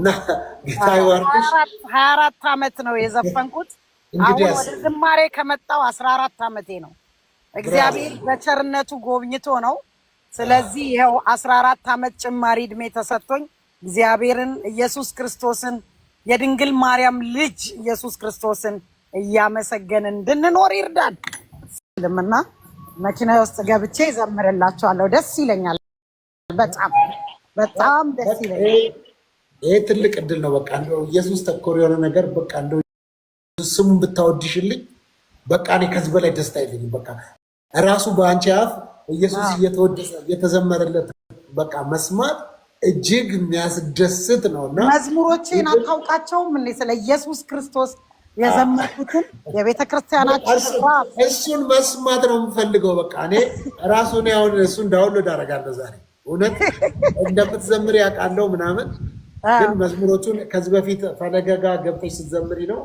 ሀያ አራት ነው የዘፈንኩት። አሁን ወደ ዝማሬ ከመጣው አስራ አራት ዓመቴ ነው። እግዚአብሔር በቸርነቱ ጎብኝቶ ነው። ስለዚህ ይኸው አስራ አራት ዓመት ጭማሪ እድሜ ተሰጥቶኝ እግዚአብሔርን ኢየሱስ ክርስቶስን የድንግል ማርያም ልጅ ኢየሱስ ክርስቶስን እያመሰገን እንድንኖር ይርዳል። መኪና ውስጥ ገብቼ ዘምርላችኋለሁ። ደስ ይለኛል። በጣም በጣም ደስ ይለኛል። ይሄ ትልቅ እድል ነው። በቃ እንደው ኢየሱስ ተኮር የሆነ ነገር በቃ እንደው ስሙን ብታወድሽልኝ በቃ እኔ ከዚህ በላይ ደስታ የለኝም። በቃ ራሱ በአንቺ አፍ ኢየሱስ እየተወደሰ እየተዘመረለት በቃ መስማት እጅግ የሚያስደስት ነው እና መዝሙሮችን አታውቃቸውም? እኔ ስለ ኢየሱስ ክርስቶስ የዘመርኩትን የቤተ ክርስቲያናችን እሱን መስማት ነው የምፈልገው። በቃ እኔ ራሱን ሁን እሱን ዳውንሎድ አደርጋለሁ ዛሬ እውነት እንደምትዘምር ያውቃለው ምናምን ግን መዝሙሮቹን ከዚህ በፊት ፈለገ ጋር ገብተሽ ስትዘምሪ ነው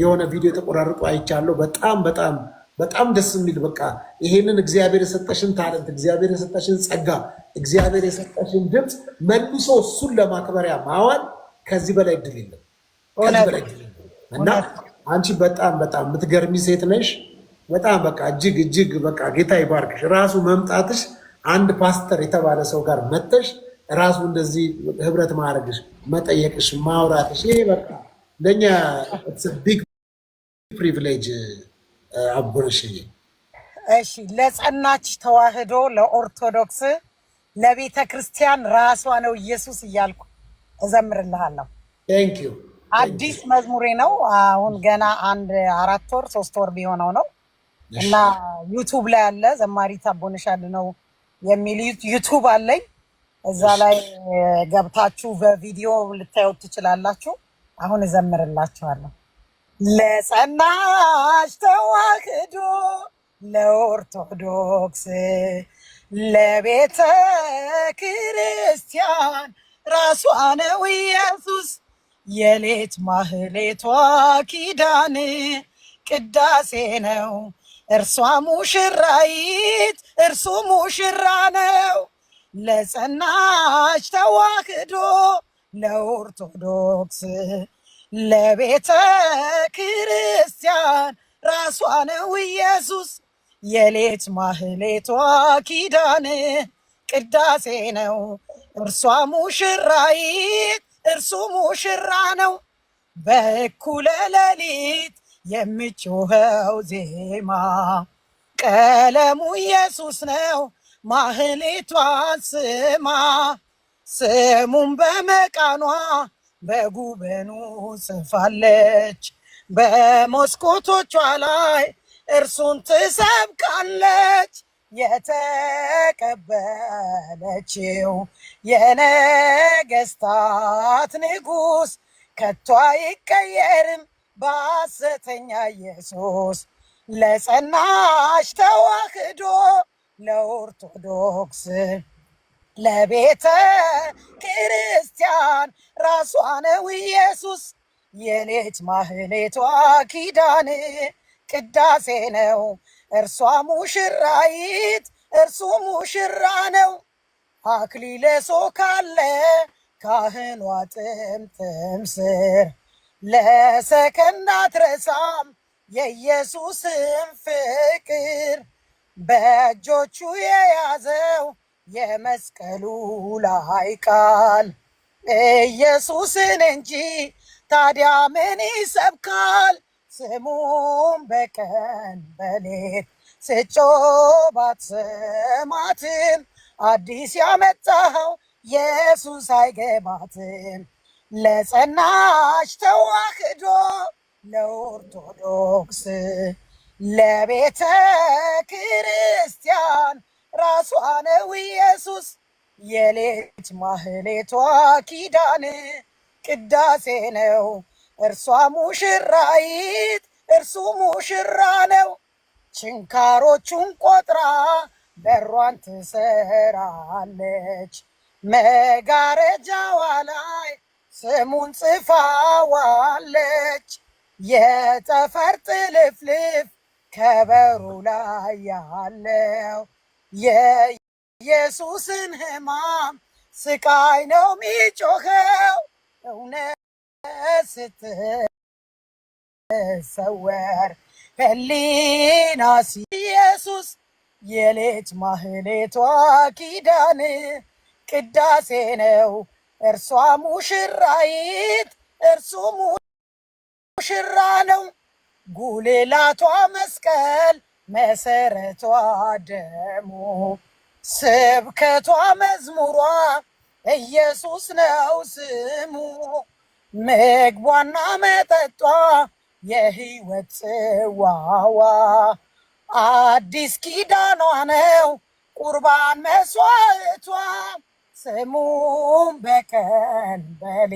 የሆነ ቪዲዮ የተቆራርጡ አይቻለሁ። በጣም በጣም በጣም ደስ የሚል በቃ ይሄንን እግዚአብሔር የሰጠሽን ታለንት፣ እግዚአብሔር የሰጠሽን ጸጋ፣ እግዚአብሔር የሰጠሽን ድምፅ መልሶ እሱን ለማክበሪያ ማዋል ከዚህ በላይ እድል የለም፣ እና አንቺ በጣም በጣም የምትገርሚ ሴት ነሽ። በጣም በቃ እጅግ እጅግ በቃ ጌታ ይባርክሽ። ራሱ መምጣትሽ አንድ ፓስተር የተባለ ሰው ጋር መጥተሽ ራሱ እንደዚህ ህብረት ማድረግሽ፣ መጠየቅሽ፣ ማውራትሽ ይሄ በቃ ለእኛ ቢግ ፕሪቪሌጅ uh, አቦነሽ። እሺ ለጸናች ተዋህዶ ለኦርቶዶክስ ለቤተ ክርስቲያን ራሷ ነው ኢየሱስ እያልኩ እዘምርልሃለሁ። ቴንክ ዩ። አዲስ መዝሙሬ ነው። አሁን ገና አንድ አራት ወር ሶስት ወር ቢሆነው ነው እና ዩቱብ ላይ አለ። ዘማሪት አቦነሽ አድነው የሚል ዩቱብ አለኝ እዛ ላይ ገብታችሁ በቪዲዮ ልታዩት ትችላላችሁ። አሁን እዘምርላችኋለሁ። ለጸናሽ ተዋህዶ ለኦርቶዶክስ ለቤተ ክርስቲያን ራሷ ነው ኢየሱስ የሌት ማህሌቷ ኪዳን ቅዳሴ ነው። እርሷ ሙሽራይት፣ እርሱ ሙሽራ ነው። ለጸናች ተዋህዶ ለኦርቶዶክስ ለቤተ ክርስቲያን ራሷ ነው ኢየሱስ የሌት ማህሌቷ ኪዳን ቅዳሴ ነው። እርሷ ሙሽራይት እርሱ ሙሽራ ነው። በእኩለ ሌሊት የሚጮኸው ዜማ ቀለሙ ኢየሱስ ነው። ማህሌቷን ስማ ስሙን በመቃኗ በጉበኑ ጽፋለች። በመስኮቶቿ ላይ እርሱን ትሰብካለች። የተቀበለችው የነገስታት ንጉስ ከቷ አይቀየርም በሐሰተኛ ኢየሱስ ለጸናሽ ተዋህዶ ለኦርቶዶክስ ለቤተ ክርስቲያን ራሷ ነው ኢየሱስ የሌት ማህሌቷ ኪዳን ቅዳሴ ነው። እርሷ ሙሽራይት እርሱ ሙሽራ ነው። አክሊለ ሦክ ካህኗ ጥምጥም ስር ለሰከናት ረሳም የኢየሱስን ፍቅር በእጆቹ የያዘው የመስቀሉ ላይ ቃል ኢየሱስን እንጂ ታዲያ ምን ይሰብካል? ስሙም በቀን በሌት ስጮባት ሰማትም አዲስ ያመጣኸው ኢየሱስ አይገባትም። ለጸናች ተዋህዶ ለኦርቶዶክስ ለቤተ ክርስቲያን ራሷ ነው ኢየሱስ የሌት ማህሌቷ ኪዳን ቅዳሴ ነው። እርሷ ሙሽራይት እርሱ ሙሽራ ነው። ችንካሮቹን ቆጥራ በሯን ትሰራለች። መጋረጃዋ ላይ ስሙን ጽፋዋለች። የጠፈር ጥልፍልፍ ከበሩ ላይ ያለው የኢየሱስን ሕማም ስቃይ ነው የሚጮኸው። እውነት ስትሰወር ህሊናስ ኢየሱስ የሌት ማህሌቷ ኪዳን ቅዳሴ ነው እርሷ ሙሽራይት እርሱ ሙሽራ ነው። ጉሌላቷ መስቀል መሰረቷ ደሙ ስብከቷ መዝሙሯ ኢየሱስ ነው ስሙ ምግቧና መጠጧ የህይወት ጽዋዋ አዲስ ኪዳኗ ነው ቁርባን መስዋዕቷ ስሙም በቀን በሌ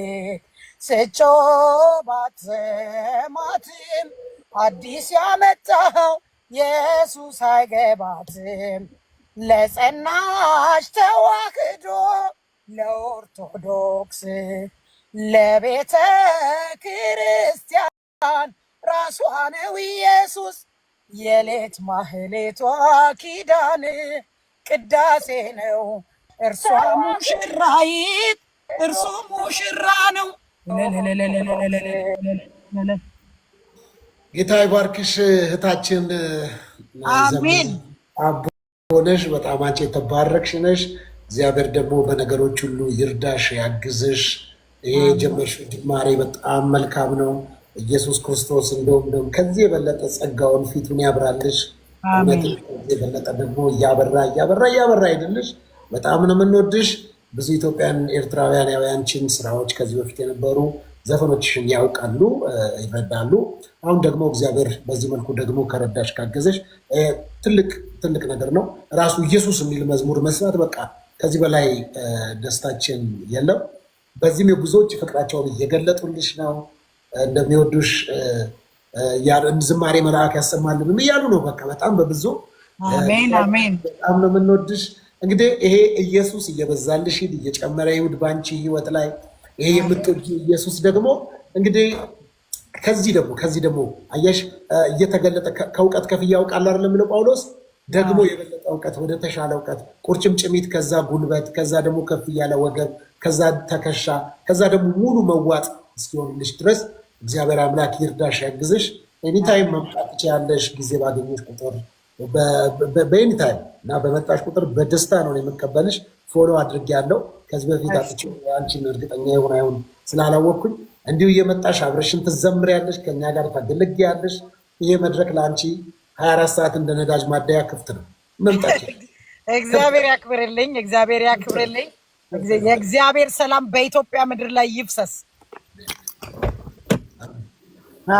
ስጮባት ዘማትም አዲስ ያመጣው ኢየሱስ አይገባትም ለጸናሽ ተዋህዶ ለኦርቶዶክስ ለቤተ ክርስቲያን ራሷ ነው ኢየሱስ የሌት ማህሌቷ ኪዳን ቅዳሴ ነው። እርሷ ሙሽራይት እርሱ ሙሽራ ነው። ጌታ ይባርክሽ እህታችን አቦ ሆነሽ በጣም አንቺ የተባረክሽ ነሽ። እግዚአብሔር ደግሞ በነገሮች ሁሉ ይርዳሽ፣ ያግዝሽ። ይሄ የጀመርሽው ጅማሬ በጣም መልካም ነው። ኢየሱስ ክርስቶስ እንደውም ደግሞ ከዚህ የበለጠ ጸጋውን ፊቱን ያብራልሽ። እውነትም ከዚህ የበለጠ ደግሞ እያበራ እያበራ እያበራ አይደለሽ? በጣም ነው የምንወድሽ። ብዙ ኢትዮጵያን ኤርትራውያን ያው ያንቺን ስራዎች ከዚህ በፊት የነበሩ ዘፈኖችሽን ያውቃሉ፣ ይረዳሉ። አሁን ደግሞ እግዚአብሔር በዚህ መልኩ ደግሞ ከረዳሽ ካገዘሽ ትልቅ ትልቅ ነገር ነው። ራሱ ኢየሱስ የሚል መዝሙር መስራት በቃ ከዚህ በላይ ደስታችን የለም። በዚህም የብዙዎች ፍቅራቸውን እየገለጡልሽ ነው እንደሚወዱሽ ዝማሬ መልአክ ያሰማልን እያሉ ነው። በቃ በጣም በብዙ በጣም ነው የምንወድሽ። እንግዲህ ይሄ ኢየሱስ እየበዛልሽ እየጨመረ ይሁድ በአንቺ ህይወት ላይ ይሄ የምትወጂው ኢየሱስ ደግሞ እንግዲህ ከዚህ ደግሞ ከዚህ ደግሞ አየሽ እየተገለጠ ከእውቀት ከፍ ያውቃል አይደል የሚለው ጳውሎስ ደግሞ የበለጠ እውቀት ወደ ተሻለ እውቀት ቁርጭምጭሚት፣ ከዛ ጉልበት፣ ከዛ ደግሞ ከፍ እያለ ወገብ፣ ከዛ ተከሻ፣ ከዛ ደግሞ ሙሉ መዋጥ እስኪሆንልሽ ድረስ እግዚአብሔር አምላክ ይርዳሽ፣ ያግዝሽ። ኤኒታይም መምጣት ትችያለሽ፣ ጊዜ ባገኘሽ ቁጥር በኤኒታይም እና በመጣሽ ቁጥር በደስታ ነው የምቀበልሽ። ፎሎ ያለው ከዚህ በፊት አጥቼ አንቺን እርግጠኛ የሆነ አይሆን ስላላወቅኩኝ እንዲሁ እየመጣሽ አብረሽን ትዘምሪያለሽ፣ ከእኛ ጋር ታገለግያለሽ። ይሄ መድረክ ለአንቺ ሀያ አራት ሰዓት እንደ ነዳጅ ማደያ ክፍት ነው። መምጣት እግዚአብሔር ያክብርልኝ፣ እግዚአብሔር ያክብርልኝ። የእግዚአብሔር ሰላም በኢትዮጵያ ምድር ላይ ይፍሰስ።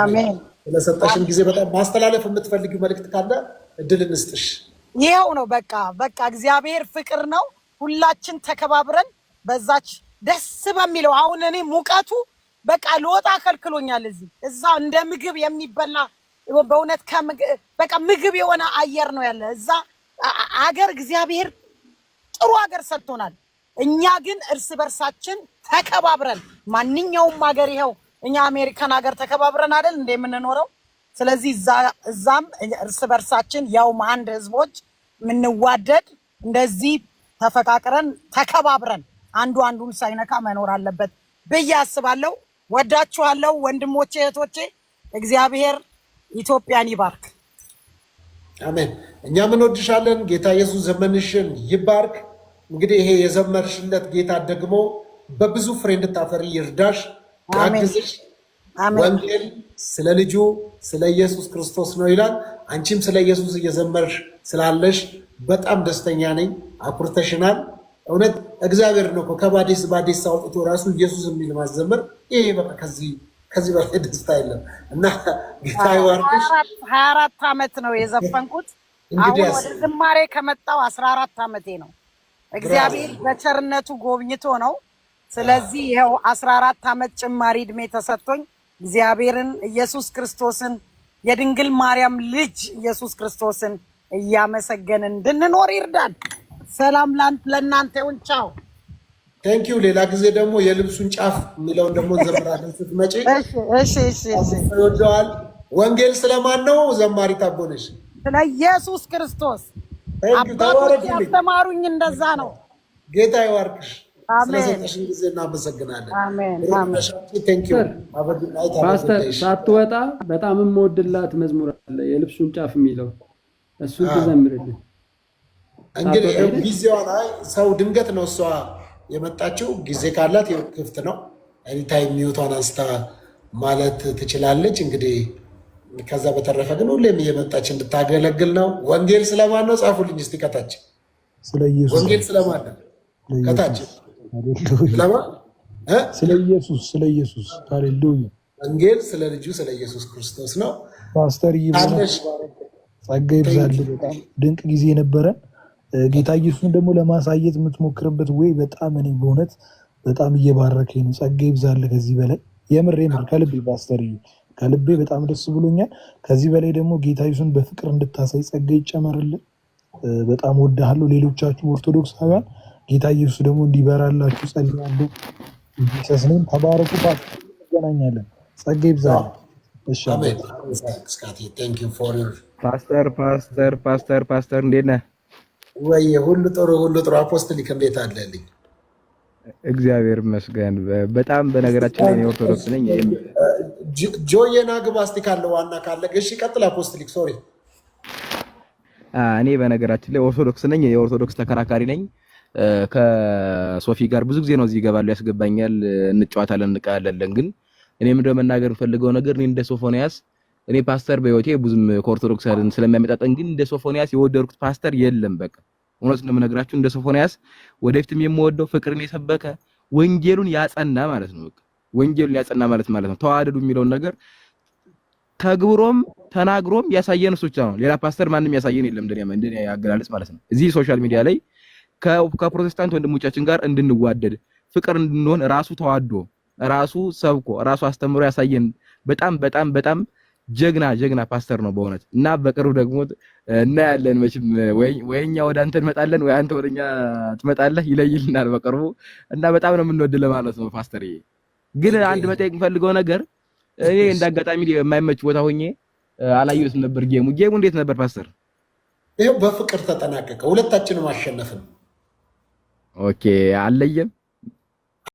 አሜን። ስለሰጠሽን ጊዜ በጣም ማስተላለፍ የምትፈልጊው መልእክት ካለ እድል እንስጥሽ። ይኸው ነው በቃ በቃ። እግዚአብሔር ፍቅር ነው። ሁላችን ተከባብረን በዛች ደስ በሚለው አሁን እኔ ሙቀቱ በቃ ልወጣ ከልክሎኛል። እዚህ እዛ እንደ ምግብ የሚበላ በእውነት በቃ ምግብ የሆነ አየር ነው ያለ እዛ አገር። እግዚአብሔር ጥሩ አገር ሰጥቶናል። እኛ ግን እርስ በርሳችን ተከባብረን ማንኛውም አገር ይኸው እኛ አሜሪካን ሀገር ተከባብረን አይደል እንደ የምንኖረው። ስለዚህ እዛም እርስ በርሳችን ያው አንድ ህዝቦች የምንዋደድ እንደዚህ ተፈቃቅረን ተከባብረን አንዱ አንዱን ሳይነካ መኖር አለበት ብዬ አስባለሁ። ወዳችኋለሁ ወንድሞቼ እህቶቼ፣ እግዚአብሔር ኢትዮጵያን ይባርክ። አሜን። እኛም እንወድሻለን። ጌታ ኢየሱስ ዘመንሽን ይባርክ። እንግዲህ ይሄ የዘመርሽለት ጌታ ደግሞ በብዙ ፍሬ እንድታፈሪ ይርዳሽ፣ ያግዝሽ። ወንጌል ስለ ልጁ ስለ ኢየሱስ ክርስቶስ ነው ይላል። አንቺም ስለ ኢየሱስ እየዘመርሽ ስላለሽ በጣም ደስተኛ ነኝ። አኩርተሽናል። እውነት እግዚአብሔር ነው ከባዲስ ባዲስ አውጥቶ ራሱ ኢየሱስ የሚል ማዘመር ይሄ በቃ ከዚህ ከዚህ በላይ ደስታ የለም። እና ጌታ ይዋርሽ ሀያ አራት ዓመት ነው የዘፈንኩት። አሁን ወደ ዝማሬ ከመጣው አስራ አራት ዓመቴ ነው። እግዚአብሔር በቸርነቱ ጎብኝቶ ነው። ስለዚህ ይኸው አስራ አራት ዓመት ጭማሪ እድሜ ተሰጥቶኝ እግዚአብሔርን ኢየሱስ ክርስቶስን የድንግል ማርያም ልጅ ኢየሱስ ክርስቶስን እያመሰገን እንድንኖር ይርዳል። ሰላም ለእናንተ ይሁን። ቻው ቴንኪዩ። ሌላ ጊዜ ደግሞ የልብሱን ጫፍ የሚለውን ደግሞ እንዘምራለን ስትመጪ። ይወደዋል። ወንጌል ስለማን ነው? ዘማሪ ታቦነሽ ስለ ኢየሱስ ክርስቶስ። አባቶች ያስተማሩኝ እንደዛ ነው። ጌታ ይዋርክሽ። ስለሰጠሽን ጊዜ እናመሰግናለን። ፓስተር ሳትወጣ በጣም የምወድላት መዝሙር አለ የልብሱን ጫፍ የሚለው እሱን ትዘምርልን እንግዲህ ላይ ሰው ድንገት ነው እሷ የመጣችው። ጊዜ ካላት ክፍት ነው። ኤኒታይም ሚዩቷን አንስታ ማለት ትችላለች። እንግዲህ ከዛ በተረፈ ግን ሁሌም እየመጣች እንድታገለግል ነው። ወንጌል ስለማን ነው? ጻፉልኝ እስኪ ከታች ወንጌል ስለማን ነው? ከታች ስለ ኢየሱስ ስለ ኢየሱስ ሃሌሉያ። ወንጌል ስለ ልጁ ስለ ኢየሱስ ክርስቶስ ነው። ፓስተር ይብዛል፣ ጸጋ ይብዛል። በጣም ድንቅ ጊዜ ነበረን። ጌታ ኢየሱስን ደግሞ ለማሳየት የምትሞክርበት ወይ በጣም እኔ በእውነት በጣም እየባረከኝ ነው። ጸጋ ይብዛልህ ከዚህ በላይ የምር የምር ከልቤ ፓስተር ከልቤ በጣም ደስ ብሎኛል። ከዚህ በላይ ደግሞ ጌታ ኢየሱስን በፍቅር እንድታሳይ ጸጋ ይጨመርልን። በጣም ወዳሃለሁ። ሌሎቻችሁ ኦርቶዶክሳውያን ጌታ ኢየሱስ ደግሞ እንዲበራላችሁ ጸልያለሁ። ሰስኔም ተባረኩ። እንገናኛለን። ጸጋ ይብዛልህ። ፓስተር ፓስተር ፓስተር ፓስተር እንዴት ነህ? ወይ ሁሉ ጥሩ ሁሉ ጥሩ። አፖስትሊክ እንዴት አለልኝ? እግዚአብሔር ይመስገን። በጣም በነገራችን ላይ ኦርቶዶክስ ነኝ። ጆየና ግባስቲ ካለ ዋና ካለ እሺ፣ ቀጥል። አፖስትሊክ ሶሪ። እኔ በነገራችን ላይ ኦርቶዶክስ ነኝ፣ የኦርቶዶክስ ተከራካሪ ነኝ። ከሶፊ ጋር ብዙ ጊዜ ነው እዚህ ይገባሉ፣ ያስገባኛል፣ እንጫወታለን፣ እንቀላለን ግን እኔም እንደው መናገር የምፈልገው ነገር እኔ እንደ ሶፎንያስ እኔ ፓስተር በህይወቴ ብዙም ከኦርቶዶክስ አይደለም ስለሚያመጣጠን፣ ግን እንደ ሶፎንያስ የወደድኩት ፓስተር የለም። በቃ እውነት ነው የምነግራችሁ፣ እንደ ሶፎንያስ ወደፊትም የምወደው ፍቅርን የሰበከ ወንጌሉን ያጸና ማለት ነው። በቃ ወንጌሉን ያጸና ማለት ማለት ነው። ተዋደዱ የሚለውን ነገር ተግብሮም ተናግሮም ያሳየን እሱ ብቻ ነው። ሌላ ፓስተር ማንም ያሳየን የለም፣ እንደኛ አገላለጽ ማለት ነው። እዚህ ሶሻል ሚዲያ ላይ ከፕሮቴስታንት ወንድሞቻችን ጋር እንድንዋደድ ፍቅር እንድንሆን ራሱ ተዋዶ ራሱ ሰብኮ ራሱ አስተምሮ ያሳየን በጣም በጣም በጣም ጀግና ጀግና ፓስተር ነው በእውነት እና በቅርብ ደግሞ እናያለን። መቼም ወይ እኛ ወደ አንተ እንመጣለን ወይ አንተ ወደኛ ትመጣለህ፣ ይለይልናል በቅርቡ እና በጣም ነው የምንወድ ለማለት ነው። ፓስተር ግን አንድ መጠየቅ የምፈልገው ነገር እኔ እንደ አጋጣሚ የማይመች ቦታ ሆኜ አላየሁትም ነበር። ጌሙ ጌሙ እንዴት ነበር ፓስተር? ይኸው በፍቅር ተጠናቀቀ፣ ሁለታችንም አሸነፍን። ኦኬ አለየም